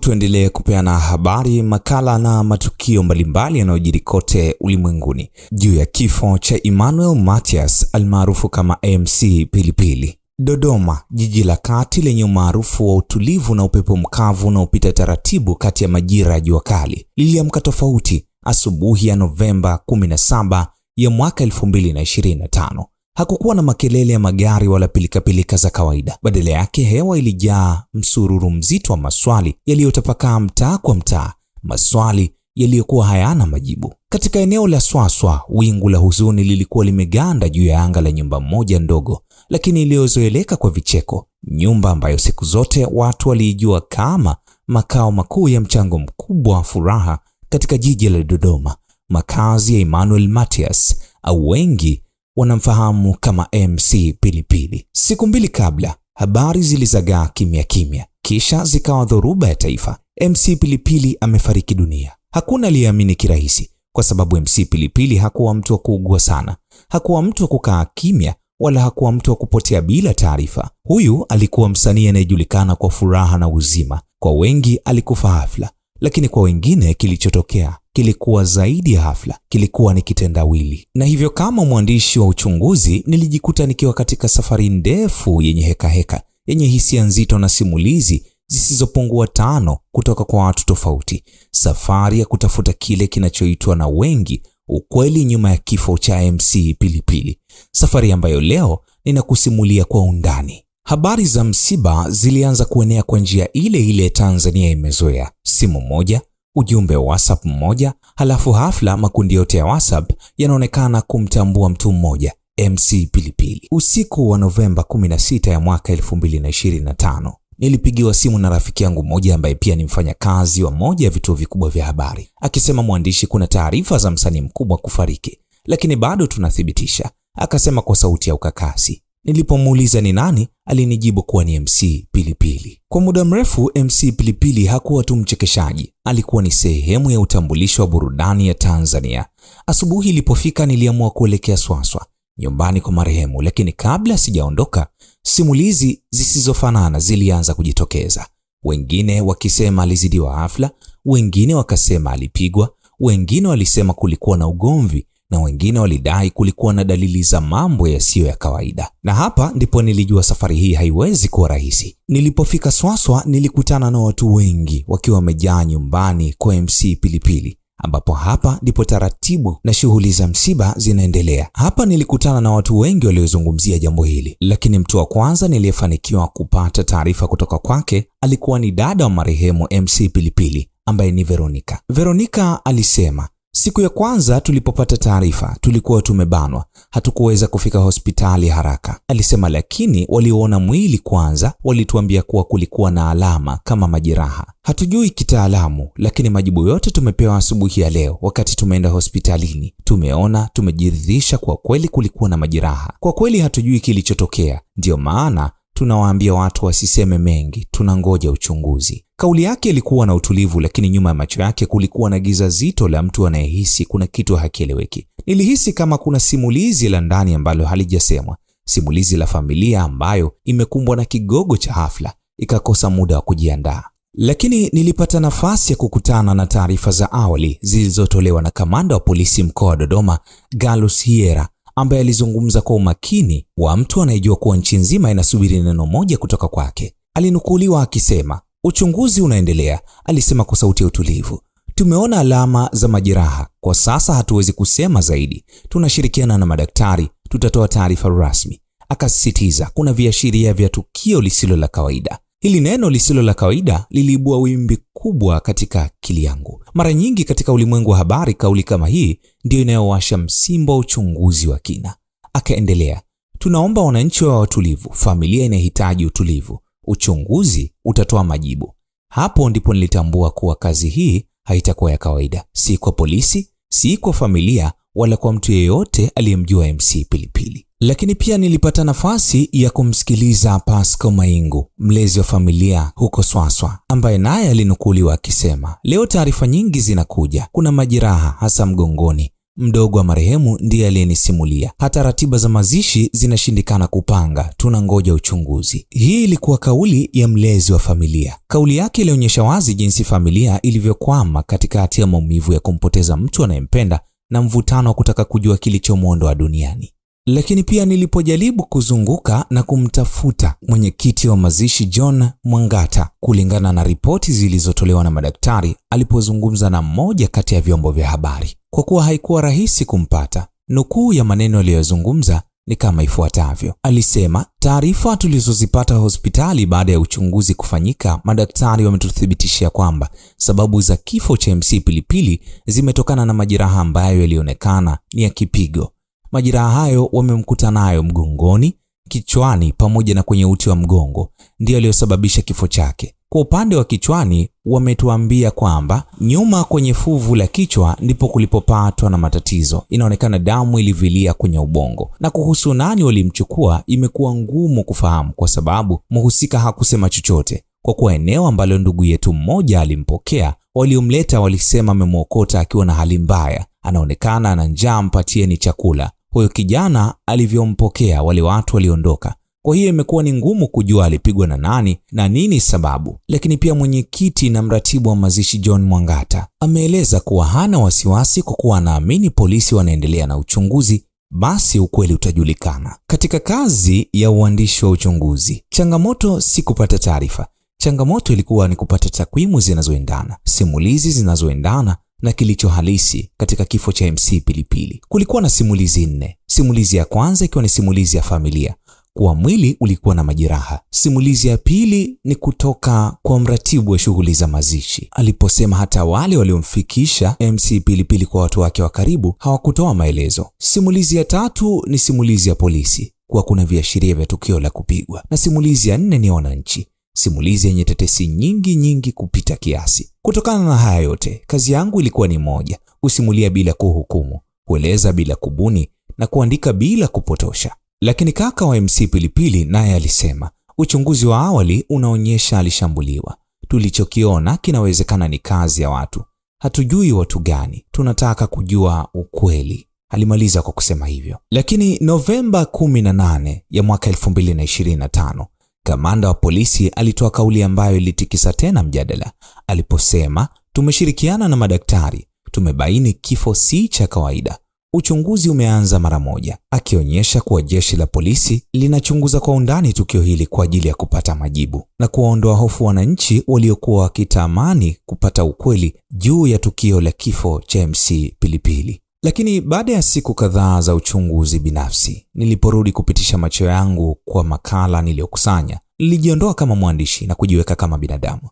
Tuendelee kupeana habari, makala na matukio mbalimbali yanayojiri kote ulimwenguni juu ya kifo cha Emmanuel Matias almaarufu kama MC Pilipili. Dodoma, jiji la kati lenye umaarufu wa utulivu na upepo mkavu unaopita taratibu kati ya majira ya jua kali, liliamka tofauti asubuhi ya Novemba 17 ya mwaka 2025 Hakukuwa na makelele ya magari wala pilikapilika za kawaida. Badala yake, hewa ilijaa msururu mzito wa maswali yaliyotapakaa mtaa kwa mtaa, maswali yaliyokuwa hayana majibu. Katika eneo la Swaswa, wingu la huzuni lilikuwa limeganda juu ya anga la nyumba moja ndogo lakini iliyozoeleka kwa vicheko, nyumba ambayo siku zote watu waliijua kama makao makuu ya mchango mkubwa wa furaha katika jiji la Dodoma, makazi ya Emmanuel Matias au wengi wanamfahamu kama MC Pilipili. Siku mbili kabla, habari zilizagaa kimya kimya, kisha zikawa dhoruba ya taifa. MC Pilipili amefariki dunia. Hakuna aliyeamini kirahisi, kwa sababu MC Pilipili hakuwa mtu wa kuugua sana, hakuwa mtu wa kukaa kimya, wala hakuwa mtu wa kupotea bila taarifa. Huyu alikuwa msanii anayejulikana kwa furaha na uzima. Kwa wengi alikufa hafla, lakini kwa wengine kilichotokea kilikuwa zaidi ya hafla, kilikuwa ni kitendawili. Na hivyo kama mwandishi wa uchunguzi, nilijikuta nikiwa katika safari ndefu yenye hekaheka heka, yenye hisia nzito na simulizi zisizopungua tano kutoka kwa watu tofauti, safari ya kutafuta kile kinachoitwa na wengi ukweli nyuma ya kifo cha MC Pilipili pili. Safari ambayo leo ninakusimulia kwa undani. Habari za msiba zilianza kuenea kwa njia ile ile Tanzania imezoea: simu moja, ujumbe wa WhatsApp mmoja, halafu hafla makundi yote ya WhatsApp yanaonekana kumtambua mtu mmoja, MC Pilipili. Usiku wa Novemba 16 ya mwaka 2025 nilipigiwa simu na rafiki yangu mmoja ambaye pia ni mfanyakazi wa moja ya vituo vikubwa vya habari, akisema mwandishi, kuna taarifa za msanii mkubwa kufariki, lakini bado tunathibitisha, akasema kwa sauti ya ukakasi. Nilipomuuliza ni nani, alinijibu kuwa ni MC Pilipili. Kwa muda mrefu, MC Pilipili hakuwa tu mchekeshaji, alikuwa ni sehemu ya utambulisho wa burudani ya Tanzania. Asubuhi ilipofika, niliamua kuelekea Swaswa, nyumbani kwa marehemu, lakini kabla sijaondoka, simulizi zisizofanana zilianza kujitokeza, wengine wakisema alizidiwa hafla, wengine wakasema alipigwa, wengine walisema kulikuwa na ugomvi na wengine walidai kulikuwa na dalili za mambo yasiyo ya kawaida, na hapa ndipo nilijua safari hii haiwezi kuwa rahisi. Nilipofika Swaswa nilikutana na watu wengi wakiwa wamejaa nyumbani kwa MC Pilipili, ambapo hapa ndipo taratibu na shughuli za msiba zinaendelea. Hapa nilikutana na watu wengi waliozungumzia jambo hili, lakini mtu wa kwanza niliyefanikiwa kupata taarifa kutoka kwake alikuwa ni dada wa marehemu MC Pilipili ambaye ni Veronica. Veronica alisema Siku ya kwanza tulipopata taarifa, tulikuwa tumebanwa, hatukuweza kufika hospitali haraka, alisema. Lakini waliona mwili kwanza walituambia kuwa kulikuwa na alama kama majeraha. Hatujui kitaalamu, lakini majibu yote tumepewa asubuhi ya leo. Wakati tumeenda hospitalini, tumeona, tumejiridhisha kwa kweli kulikuwa na majeraha. Kwa kweli hatujui kilichotokea, ndiyo maana tunawaambia watu wasiseme mengi, tunangoja uchunguzi. Kauli yake ilikuwa na utulivu, lakini nyuma ya macho yake kulikuwa na giza zito la mtu anayehisi kuna kitu hakieleweki. Nilihisi kama kuna simulizi la ndani ambalo halijasemwa, simulizi la familia ambayo imekumbwa na kigogo cha hafla ikakosa muda wa kujiandaa. Lakini nilipata nafasi ya kukutana na taarifa za awali zilizotolewa na kamanda wa polisi mkoa wa Dodoma, Galus Hiera, ambaye alizungumza kwa umakini wa mtu anayejua kuwa nchi nzima inasubiri neno moja kutoka kwake. Alinukuliwa akisema, uchunguzi unaendelea, alisema kwa sauti ya utulivu. Tumeona alama za majeraha, kwa sasa hatuwezi kusema zaidi. Tunashirikiana na madaktari, tutatoa taarifa rasmi. Akasisitiza, kuna viashiria vya tukio lisilo la kawaida. Hili neno lisilo la kawaida liliibua wimbi kubwa katika akili yangu. Mara nyingi katika ulimwengu wa habari, kauli kama hii ndiyo inayowasha msimbo wa uchunguzi wa kina. Akaendelea, tunaomba wananchi wa watulivu, familia inahitaji utulivu, uchunguzi utatoa majibu. Hapo ndipo nilitambua kuwa kazi hii haitakuwa ya kawaida, si kwa polisi, si kwa familia wala kwa mtu yeyote aliyemjua MC Pilipili. Lakini pia nilipata nafasi ya kumsikiliza Pascal Maingu, mlezi wa familia huko Swaswa, ambaye naye alinukuliwa akisema, leo taarifa nyingi zinakuja, kuna majeraha hasa mgongoni mdogo wa marehemu ndiye aliyenisimulia. Hata ratiba za mazishi zinashindikana kupanga, tunangoja uchunguzi. Hii ilikuwa kauli ya mlezi wa familia. Kauli yake ilionyesha wazi jinsi familia ilivyokwama katikati ya maumivu ya kumpoteza mtu anayempenda na mvutano wa kutaka kujua kilichomwondoa duniani. Lakini pia nilipojaribu kuzunguka na kumtafuta mwenyekiti wa mazishi John Mwangata, kulingana na ripoti zilizotolewa na madaktari alipozungumza na mmoja kati ya vyombo vya habari, kwa kuwa haikuwa rahisi kumpata, nukuu ya maneno aliyozungumza ni kama ifuatavyo. Alisema taarifa tulizozipata hospitali baada ya uchunguzi kufanyika, madaktari wametuthibitishia kwamba sababu za kifo cha MC Pilipili zimetokana na majeraha ambayo yalionekana ni ya kipigo. Majeraha hayo wamemkuta nayo mgongoni, kichwani pamoja na kwenye uti wa mgongo, ndiyo aliyosababisha kifo chake. Kwa upande wa kichwani, wametuambia kwamba nyuma kwenye fuvu la kichwa ndipo kulipopatwa na matatizo. Inaonekana damu ilivilia kwenye ubongo, na kuhusu nani walimchukua imekuwa ngumu kufahamu, kwa sababu mhusika hakusema chochote, kwa kuwa eneo ambalo ndugu yetu mmoja alimpokea, waliomleta walisema amemwokota akiwa na hali mbaya, anaonekana ana njaa, mpatieni chakula. Huyo kijana alivyompokea, wale watu waliondoka kwa hiyo imekuwa ni ngumu kujua alipigwa na nani na nini sababu. Lakini pia mwenyekiti na mratibu wa mazishi John Mwangata ameeleza kuwa hana wasiwasi kwa kuwa anaamini polisi wanaendelea na uchunguzi, basi ukweli utajulikana. Katika kazi ya uandishi wa uchunguzi, changamoto si kupata taarifa. Changamoto ilikuwa ni kupata takwimu zinazoendana, simulizi zinazoendana na kilicho halisi. Katika kifo cha MC Pilipili kulikuwa na simulizi nne, simulizi ya kwanza ikiwa ni simulizi ya familia kuwa mwili ulikuwa na majeraha. Simulizi ya pili ni kutoka kwa mratibu wa shughuli za mazishi aliposema hata wale waliomfikisha MC Pilipili kwa watu wake wa karibu hawakutoa maelezo. Simulizi ya tatu ni simulizi ya polisi kuwa kuna viashiria vya tukio la kupigwa, na simulizi ya nne ni wananchi simulizi yenye tetesi nyingi nyingi kupita kiasi. Kutokana na haya yote, kazi yangu ilikuwa ni moja: kusimulia bila kuhukumu, kueleza bila kubuni na kuandika bila kupotosha. Lakini kaka wa MC Pilipili naye alisema uchunguzi wa awali unaonyesha alishambuliwa. Tulichokiona kinawezekana ni kazi ya watu, hatujui watu gani, tunataka kujua ukweli. Alimaliza kwa kusema hivyo. Lakini Novemba 18 ya mwaka 2025 kamanda wa polisi alitoa kauli ambayo ilitikisa tena mjadala aliposema, tumeshirikiana na madaktari tumebaini kifo si cha kawaida, Uchunguzi umeanza mara moja, akionyesha kuwa jeshi la polisi linachunguza kwa undani tukio hili kwa ajili ya kupata majibu na kuwaondoa hofu wananchi waliokuwa wakitamani kupata ukweli juu ya tukio la kifo cha MC Pilipili. Lakini baada ya siku kadhaa za uchunguzi binafsi, niliporudi kupitisha macho yangu kwa makala niliyokusanya, nilijiondoa kama mwandishi na kujiweka kama binadamu.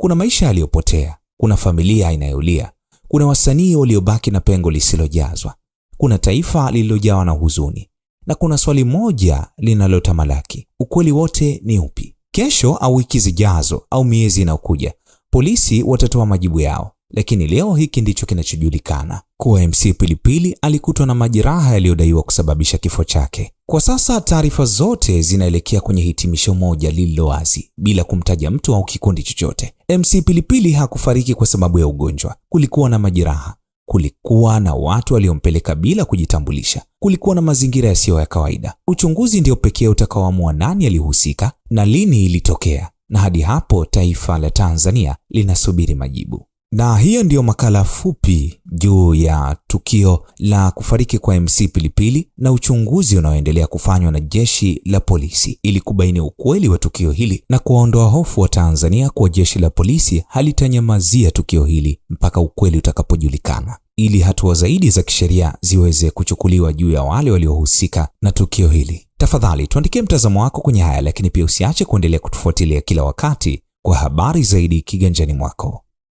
Kuna maisha yaliyopotea, kuna familia inayolia, kuna wasanii waliobaki na pengo lisilojazwa kuna taifa lililojawa na huzuni, na kuna swali moja linalotamalaki: ukweli wote ni upi? Kesho au wiki zijazo au miezi inayokuja, polisi watatoa majibu yao, lakini leo hiki ndicho kinachojulikana kuwa MC Pilipili alikutwa na majeraha yaliyodaiwa kusababisha kifo chake. Kwa sasa taarifa zote zinaelekea kwenye hitimisho moja lililo wazi, bila kumtaja mtu au kikundi chochote. MC Pilipili hakufariki kwa sababu ya ugonjwa, kulikuwa na majeraha Kulikuwa na watu waliompeleka bila kujitambulisha. Kulikuwa na mazingira yasiyo ya kawaida. Uchunguzi ndio pekee utakaoamua nani alihusika na lini ilitokea, na hadi hapo taifa la Tanzania linasubiri majibu. Na hiyo ndiyo makala fupi juu ya tukio la kufariki kwa MC Pilipili na uchunguzi unaoendelea kufanywa na jeshi la polisi ili kubaini ukweli wa tukio hili na kuwaondoa hofu wa Tanzania kuwa jeshi la polisi halitanyamazia tukio hili mpaka ukweli utakapojulikana ili hatua zaidi za kisheria ziweze kuchukuliwa juu ya wale waliohusika na tukio hili. Tafadhali tuandikie mtazamo wako kwenye haya, lakini pia usiache kuendelea kutufuatilia kila wakati kwa habari zaidi kiganjani mwako.